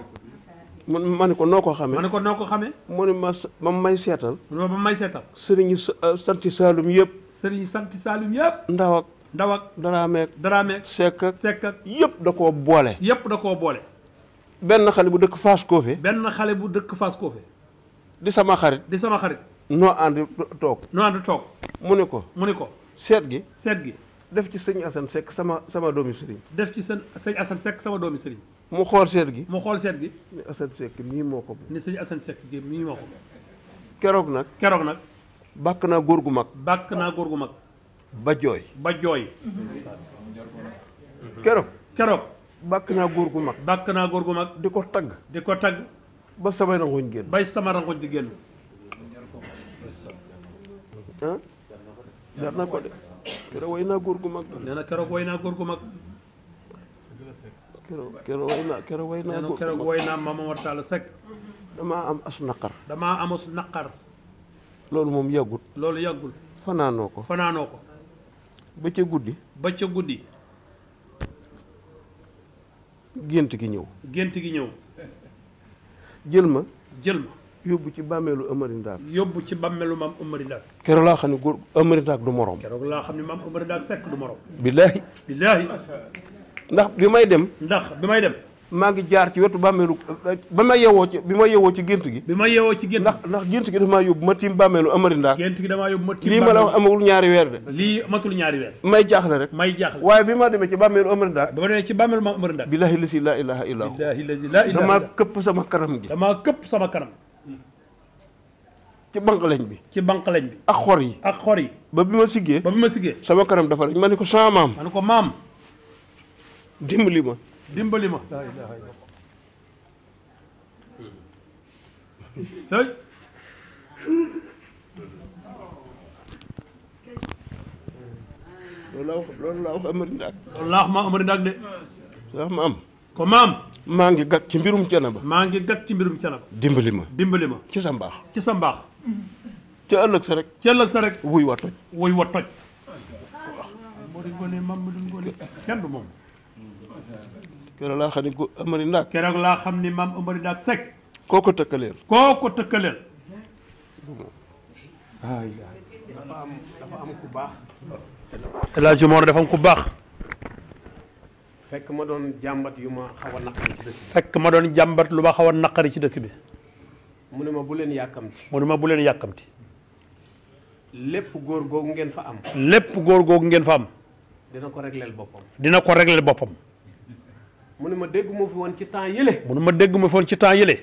man ma ne ko noo ko xamee. ma ne ko noo ko xamee. mu ne ma ma may seetal. mu ne ma may seetal. sëriñ euh, sant Saalum yëpp. sëriñ sant Saalum yëpp. ndaw ak ndaw daraameek daraameek. sekk ak sekk da ko boole. yëpp da koo boole. benn xale bu dëkk Fass koofe benn xale bu dëkk fas koofe di sama xarit. di sama xarit. noo ànd toog. noo ànd toog. mu ne ko. mu ne ko. seet gi. seet gi. def ci sëñ Assane Seck sama sama doomi sëriñ. def ci sën sëñ Assane Seck sama doomi sëriñ. mu xool seet gi. mu xool seet gi. ni Assane Seck mii moo ko. ni sëñ Assane Seck gi mii moo ko. keroog nag. keroog nag. bàkk naa góor gu mag. bàkk naa góor gu mag. bajooy jooy. ba jooy. keroog. keroog. bàkk naa góor gu mag bàkk naa góor gu mag di ko tagg di ko tagg ba samay rangoñ génn bay sama rangoñ di génn ah
jar na ko de keroog way
naa góor gu mag nee na keroog way naa góor gu mag keroog keroog way naa keroog way naa keroog way damaa am as naqar damaa am as naqar loolu moom yàggul loolu yàggul fanaanoo ko fanaanoo ko ba ca guddi ba guddi gént gi ñëw. gént gi ñëw. jël ma. jël ma. yóbbu ci bàmmeelu Amari Ndaak. yóbbu ci bàmmeelu maam Amari Ndaak. keroog laa xam ne góor Amari Ndaak du morom. laa xam ne maam Amari Ndaak sekk du morom. billaahi. billaahi. ndax bi may dem. ndax bi may dem. maa ngi jaar ci wetu bàmmeelu ba ma yeewoo ci bi ma yeewoo ci gént gi bi ma yeewoo ci gént ndax ndax gént gi dafa maa yóbbu ma tiim bàmmeelu amari ndaa gént gi damaa yóbbu ma tiim lii ma la wax amagul ñaari weer de lii matul ñaari weer may jaaxle rek may jaaxle waaye bi ma demee ci bàmmeelu amari ndaa ba ma demee ci bàmmeelu ma amari ndaa billaahi lasi laa ilaha illa hu billaahi lasi laa ilaha damaa këpp sama kanam gi damaa këpp sama kanam ci banq lañ bi ci banq lañ bi ak xor yi ak xor yi ba bi ma siggee ba bi ma siggee sama kanam dafa lañ ma ne ko sama maam ma ne ko maam dimbali ma dimbali ma laa ilaha illa sëñ loolu laa wax laa wax ko maam maa ngi gàkk ci mbirum canaba maa ngi gàkk ci mbirum canaba dimbali ma dimbali ma ci sa mbaax ci sa mbaax ci ëllëg sa rek wuy wa toj wuy wa toj keroog laa xam ni ko Amari Ndaak. keroog laa xam ni maam Amari Ndaak Seck. koo ko tëkkaleel. koo ko tëkkaleel. ay
dafa am am ku baax. El Hadj Mor dafa am ku baax. fekk ma doon jàmbat yu ma xaw naqari ci
dëkk bi. ma doon jàmbat lu ma naqari ci dëkk bi.
mu ne ma bu leen yàkkamti.
mu ne ma bu leen yàkkamti.
lépp góor googu ngeen fa am.
lépp góor googu ngeen fa am.
dina ko régleel boppam.
dina ko régleel boppam.
mu ne ma dégg ma fi woon ci temps yële.
mu ne ma dégg ma fi woon ci temps yële.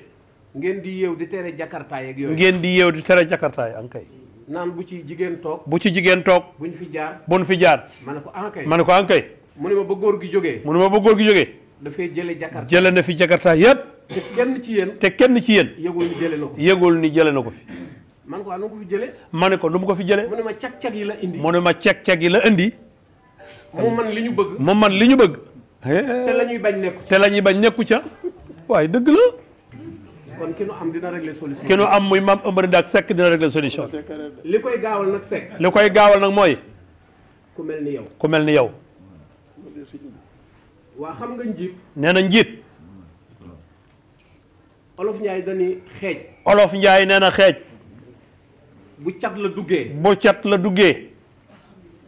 ngeen di yeew di tere jakartaay ak yooyu. ngeen
di yeew di tere jakartaay ankay.
naan bu ci jigéen toog. bu ci jigéen toog. buñ fi jaar buñ fi jaar. ma ne ko ankay ma ne ko ankay. mu ne ma ba góor gi jógee.
mu ne ma ba góor gi jógee.
dafay jëlee jakarta
jële na fi jakarta yëpp. te kenn ci yéen. te kenn ci yéen.
yëgul ni jëlee na
ko fi yëgul ni jëlee na ko fi.
ma ko ah, nu mu ko fi jëlee.
ma ne ko nu mu ko fi jëlee.
mu ne ma cag cag yi la indi.
mu ne ma cag cag yi la indi.
mu man li ñu bëgg.
mu man li ñu bëgg. te la ñuy bañ nekku te la ñuy bañ nekku ca waaye dëgg la.
kon ki nu am dina régler solution. ki nu am
muy maam Omar ak sekk dina régler solution.
li koy gaawal nag Seck. li
koy gaawal nag mooy. ku mel ni yow ku mel ni yow.
waa xam nga njiit.
nee na njiit.
olof Ndiaye dañuy xeej.
olof Ndiaye nee na xeej. bu cat la duggee. bu cat la duggee.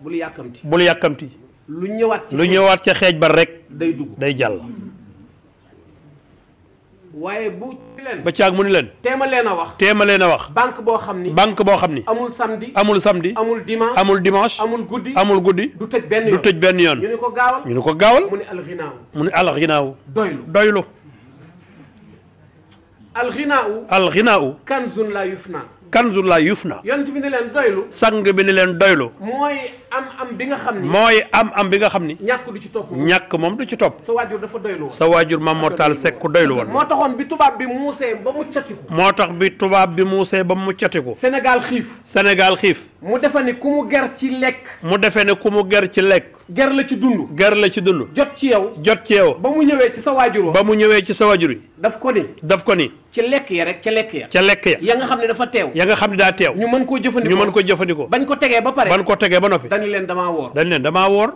bul yàkkamti bul yàkkamti. lu ñëwaat lu ñëwaat ca xeej ba rek. day dugg day jàll.
waaye bu ba caag mu ni leen. téema leen a wax.
téema leen a wax.
banque boo xam ni. banque boo xam ni. amul samedi. amul samedi.
amul dimanche. amul dimanche. amul guddi. amul guddi. du tëj benn yoon benn yoon. ñu ni
ko gaawal mu ni ko gaawal. mu ni alxinaaw.
mu ni alxinaaw. doylu doylu. alxinaaw. alxinaaw.
kanzun la yufna.
kanzun la yufna. yonent bi ni leen doylu. sang bi ni leen doylu.
am am bi nga xam ni. mooy
am am bi nga xam ni.
ñàkk du ci topp
ñàkk moom du ci topp.
sa waajur dafa doylu woon
sa waajur maam moo taal sekk ku doylu woon.
moo taxoon bi tubaab bi muusee ba mu catiku.
moo tax bi tubaab bi muusee ba mu catiku. Sénégal xiif. Sénégal xiif. mu defe ne ku mu ger ci lekk. mu defe ne ku mu ger ci lekk. ger la ci dund. ger la ci dund. jot ci
yow. jot ci yow. ba mu ñëwee ci sa waajur. ba mu ñëwee ci sa waajur yi. daf ko ni. daf ko ni. ci lekk ya rek ca lekk ya. lekk ya. ya nga xam ne dafa teew. ya nga xam ne daa teew. ñu mën koo jëfandikoo ñu mën koo jëfandikoo. ko tegee ba pare. bañ ko tegee ba noppi. dañu leen damaa woor. dañu leen damaa woor.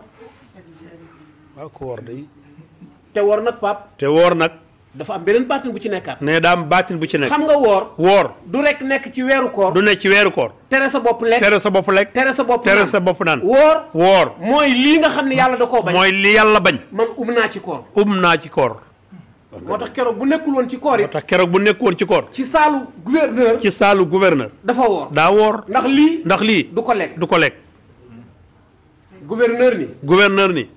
waaw ku woor day. te woor nag pap te woor nag. dafa am beneen baatin bu ci nekkaat.
ne daa am baatin bu ci nekk. xam
nga woor. woor du rek nekk ci weeru koor. du
nekk ci weeru koor.
tere sa bopp lekk tere
sa bopp lekk. tere sa bopp naan sa bopp naan. woor. woor mooy lii nga xam ne yàlla da koo bañ. mooy li yàlla bañ. man
um naa ci koor.
um naa ci koor. moo tax keroog bu nekkul woon ci koor yi. moo tax keroog bu nekkul woon ci koor. ci saalu gouverneur. ci saalu gouverneur. dafa woor daa woor. du ko lekk. gouverneur ni gouverneur ni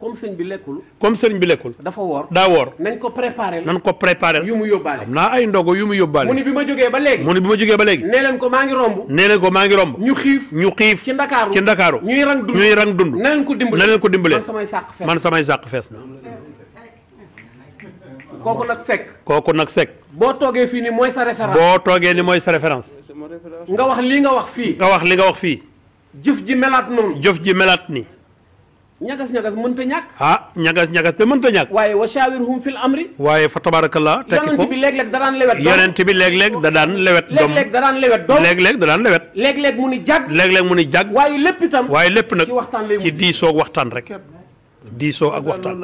comme sëñ bi lekkul. comme sëñ bi lekkul.
dafa woor daa woor. nañ ko préparé.
nañ ko préparé yu mu yóbbaale. naa ay
ndogo yu mu yóbbaale. mu ni bi ma jógee ba léegi. mu ni bi ma jógee ba léegi. nee leen ko maa ngi romb. nee leen ko maa ngi romb. ñu xiif ñu xiif. ci ndakaaru ci ndakaaru. ñuy rang dund ñuy rang dund. na ko dimbale na ko dimbale. man samay sàq fees man samay sàq fees na. kooku nag sekk.
kooku nag sekk.
boo toogee fii ni mooy sa référence. boo
toogee ni mooy sa référence.
nga wax li nga wax fii. nga wax li nga wax fii.
jëf ji melaat noonu. jëf ji melaat ni
ñagas ñagas mënta ñàkk. ah ñagas ñagas te mënta ñàkk. waaye wa shaawirhum fil amri. waaye fa tabarakallah. tekki ko yonent bi léeg-léeg da daan lewet. yonent bi léeg-léeg da daan lewet.
doom
léeg-léeg
da daan lewet. doom léeg-léeg da daan lewet. léeg-léeg mu ni jàgg. léeg-léeg
mu ni jàgg. waaye lépp itam. waaye lépp nag ci waxtaan lay ci diisoo ak waxtaan rek. diisoo ak waxtaan.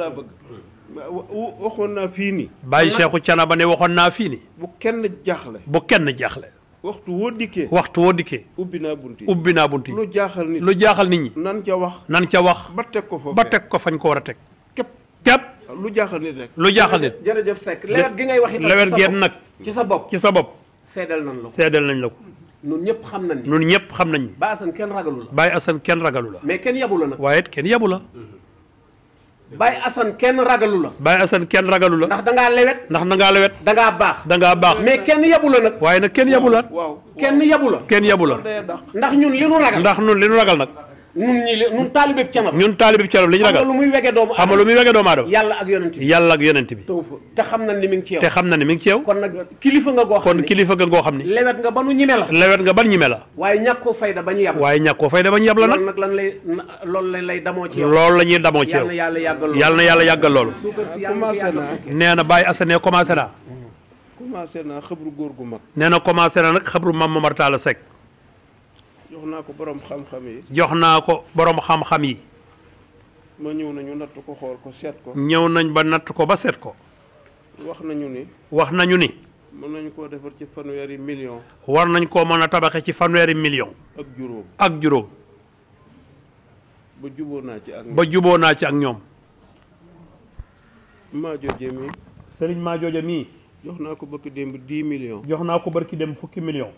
waxoon naa fii nii. bàyyi Seexu Canaba ne waxoon naa fii nii. bu kenn jaaxle. bu kenn jaaxle. waxtu woo dikkee waxtu woo dikkee. ubbi naa bunt ubbi naa bunt yi. lu jaaxal nit lu jaaxal nit ñi. nan ca wax nan ca wax. ba teg ko fa ba teg ko fañ ko war a teg. képp
képp. lu jaaxal nit lu jaaxal nit jërëjëf Seck lewet gi ngay wax itam lewet gi nag. ci sa bopp ci sa bopp. seedal nañ la ko seedal nañ la ko. ñun ñëpp xam nañ ni
ñun ñëpp xam nañ ni.
Baye kenn ragalu la.
Baye Assane kenn ragalu mais kenn yabu la nag. waaye kenn yabu la. Mm-hmm. Baye Assane kenn ragalu la. Baye Assane kenn ragalu ndax da ngaa lewet. ndax da lewet. danga baax da baax. mais kenn yabu la nag. waaye nag kenn yabu la.
kenn yabu kenn yabu la. ndax ñun li nu ragal. ndax
ñun li nu ragal nag.
ñun ñii ñun taalibe canab
ñun taalibe canab li ñu ragal lu muy
wege doomu xam lu muy wege doomu aadama yàlla ak yonent
bi yàlla ak yonent bi
te xam na ni mi ngi te xam na ni mi ngi ci yow kon nag
kilifa nga goo xam ne kon kilifa nga xam ne lewet nga ba nu ñime la lewet nga ban ñime la
waaye ñàkkoo fayda ba ñu yab waaye
ñàkkoo fayda ba ñu yab la nag
nag lan lay loolu la lay damoo ci loolu la ñuy damoo ci yow yàlla na yàlla yàggal loolu
nee na bàyyi asane commencé naa commencé naa xabru góor gu mag nee na commencé na nag xabru mam Momar Talla Seck jox naa ko boroom xam-xam yi. jox naa ko boroom xam-xam yi. ma ñëw nañu natt ko xool ko seet ko. ñëw nañ ba natt ko ba seet ko. wax nañu ni. wax nañu ni. mën nañ ko defar ci fanweeri million. war nañ koo mën a tabaxe ci fanweeri million. ak juróom ak juróom. ba juboo naa ci ak ñoom ba juboo naa ci ak ñoom. Maajooje mii. Serigne Maajooje mii. jox naa ko barki démb dix millions. jox naa ko barki démb fukki million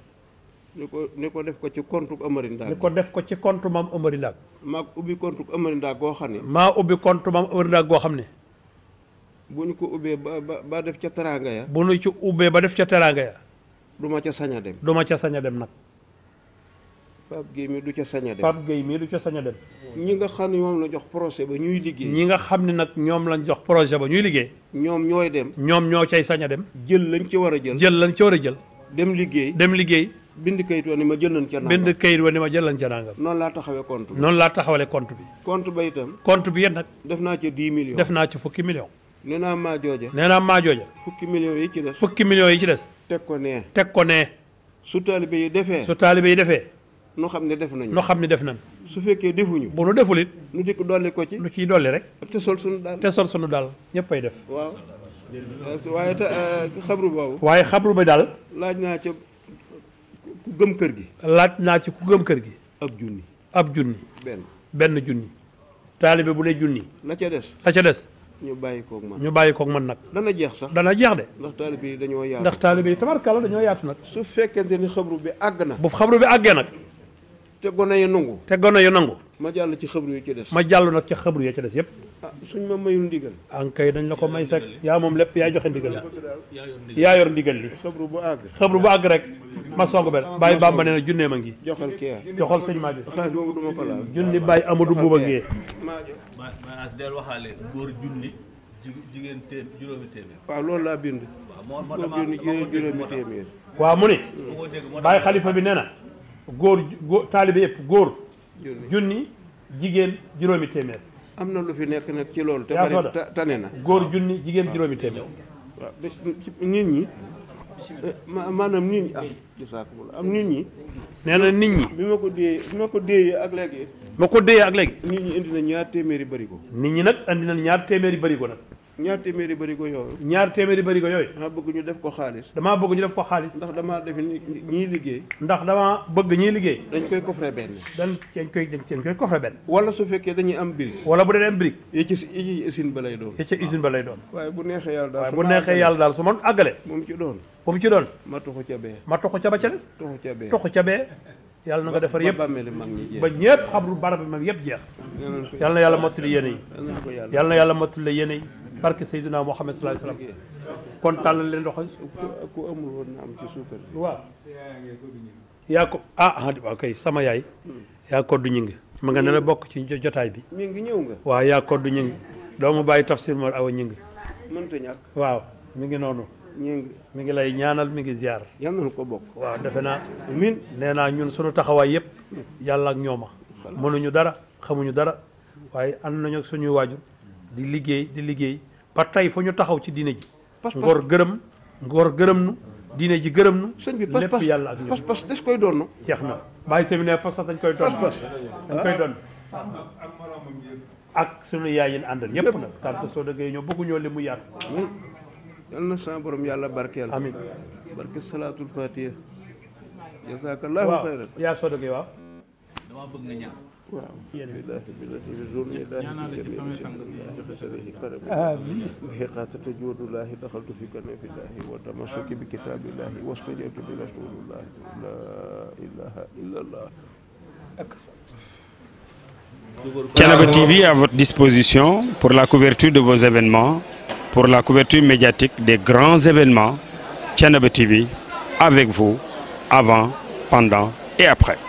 ni ko ni ko def ko ci compte Amary Ndaak. ni ko def ko ci compte maam Amary Ndaak. maa ubbi compte Amary Ndaak goo xam ne. maa ubbi compte maam Amary Ndaak goo xam ne. bu ñu ko ubbee ba ba def ca teraanga ya. bu ñu ci ubbee ba def ca teraanga ya. du ma ca sañ a dem. du ma ca sañ a dem nag. Pape Gueye mii du ca sañ a dem. Pape Gueye mii du ca sañ a dem. ñi nga xam ne moom la jox projet ba ñuy liggéey. ñi nga xam ne nag ñoom lañ jox projet ba ñuy liggéey. ñoom ñooy dem. ñoom ñoo cay sañ a dem. jël lañ ci war a jël. jël lañ ci war a jël. dem liggéey dem liggéey. bind kayit wa ni ma jël nañ ca nangam bind kayit wa ni ma jël nañ ca nangam. noonu laa taxawee compte bi noonu laa taxawale compte bi. compte ba itam. compte bi yéen nag. def naa ca dix millions def naa ci fukki millions. nee naa maa jooja. nee naa maa fukki millions yi ci des. fukki millions teg ko nee. teg ko nee. su taalibe yi defee. su taalibe yi defee. nu xam ne def nañu. nu xam ne def nañu. su fekkee defuñu. bu nu deful it. nu dikk dolli ko ci. nu ciy dolli rek. te sol sunu daal te sol sunu daal ñëpp ay def. waaw waaye te eh, xabru boobu. waaye xabru bi daal. laaj naa ca ku gëm kër gi. laaj naa ci ku gëm kër gi. ab junni. ab junni. benn benn junni. taalibe bu ne junni. la ca des la ca des. ñu bàyyi koog man ñu bàyyi koog man nag. dana jeex sax dana jeex de. ndax taalibe yi dañoo yaatu. ndax taalibe yi tabarkalla dañoo yaatu nag. su fekkente ni xabru bi àgg na. bu xabru bi àggee nag. te gone yu nangu. te gone yu nangu. ma jàll ci xëbru yi ci des. ma jàll nag ci xëbru yi ci des yëpp. Ah, suñ ma mayul ndigal. an dañ la ko may sax yaa moom lépp yaa joxe ndigal li yaa yor ndigal li. xëbru bu àgg. xëbru rek ma song benn. Ah, bàyyi bàmba nee na junnee ma ngi. joxal kii ah joxal maa ngi. junni bàyyi Amadou Bouba Guèye.
ma maanaam del waxaale góor junni. jigéen téem juróomi téeméer. loolu laa bind. moo tax maa juróomi téeméer. mu ne. bàyyi xalifa bi
nee na góor góor taalibe yëpp góor junni jigéen juróomi téeméer. am na lu fi nekk nag ci loolu. te tane na góor junni jigéen juróomi téeméer. waaw nit ñi. ma maanaam nit ñi ah am nit ñi. nee na nit ñi. bi ma ko déyee bi ma ko déyee ak léegi. ma ko déyee ak léegi. nit ñi indi na ñaar téeméeri bari ko. nit ñi nag indi na ñaar téeméeri bari ko nag. ñaar téeméeri bërigo yooyu ñaar téeméeri bërigo yooyu damaa bëgg ñu def ko xaalis damaa bëgg ñu def ko xaalis ndax damaa def ñii liggéey ndax damaa bëgg ñii liggéey dañ koy coffre benn dañ dañ koy dañ koy coffre benn wala su fekkee dañuy am brique wala bu dee am brique yi ci yi ci usine ba lay doon yi ci usine ba lay doon waaye bu neexee yàlla daal waaye bu neexee yàlla daal su ma àggale bu mu ci doon bu mu ci doon ma toxu ca bee ma toxu ca ba ca des toxu ca bee toxu ca bee yàlla na nga defar yëpp ba ñëpp xabru barab bi mag yëpp jeex yàlla na yàlla mottali yéene yi yàlla na yàlla mottali yéene yi barke Seydina Muhammad sallallahu alayhi wasallam kon tàllal leen loxo ku amul woon na yaa ah, ah, sama yaay yaa koddu ñu ngi ma nga ne bokk ci jotaay bi mi ngi ñëw nga waaw yaa koddu ñu doomu bàyyi tafsir ma awa ñu ngi mënta waaw mi ngi noonu mi ngi lay ñaanal mi ngi ziar yal ko bokk waaw defe naa min nee naa ñun suñu taxawaay yëpp yàlla ak ñooma mënuñu dara xamuñu dara waaye ànd ak suñuy waajur di liggéey di liggéey ba tey fu ñu taxaw ci diine ji. ngor gërëm ngor gërëm nu diine ji gërëm nu. sëñ bi lépp yàlla ak ñoom pas pas des koy doon. jeex na bàyyi séminaire pas pas dañ koy doon. pas dañ koy doon. ak sunu yaay yi àndal ñëpp nag. tànk soo dëggee ñoo bëgguñoo li mu yaatu. Hmm. yal na sama borom yàlla barkeel. amiin barke salaatul fatiha. jazakallahu xayran yaa soo dëggee waaw.
dama bëgg nga
waaw TV à votre disposition pour la couverture de vos événements pour la couverture médiatique des grands événements Thiénaba TV avec vous avant pendant et après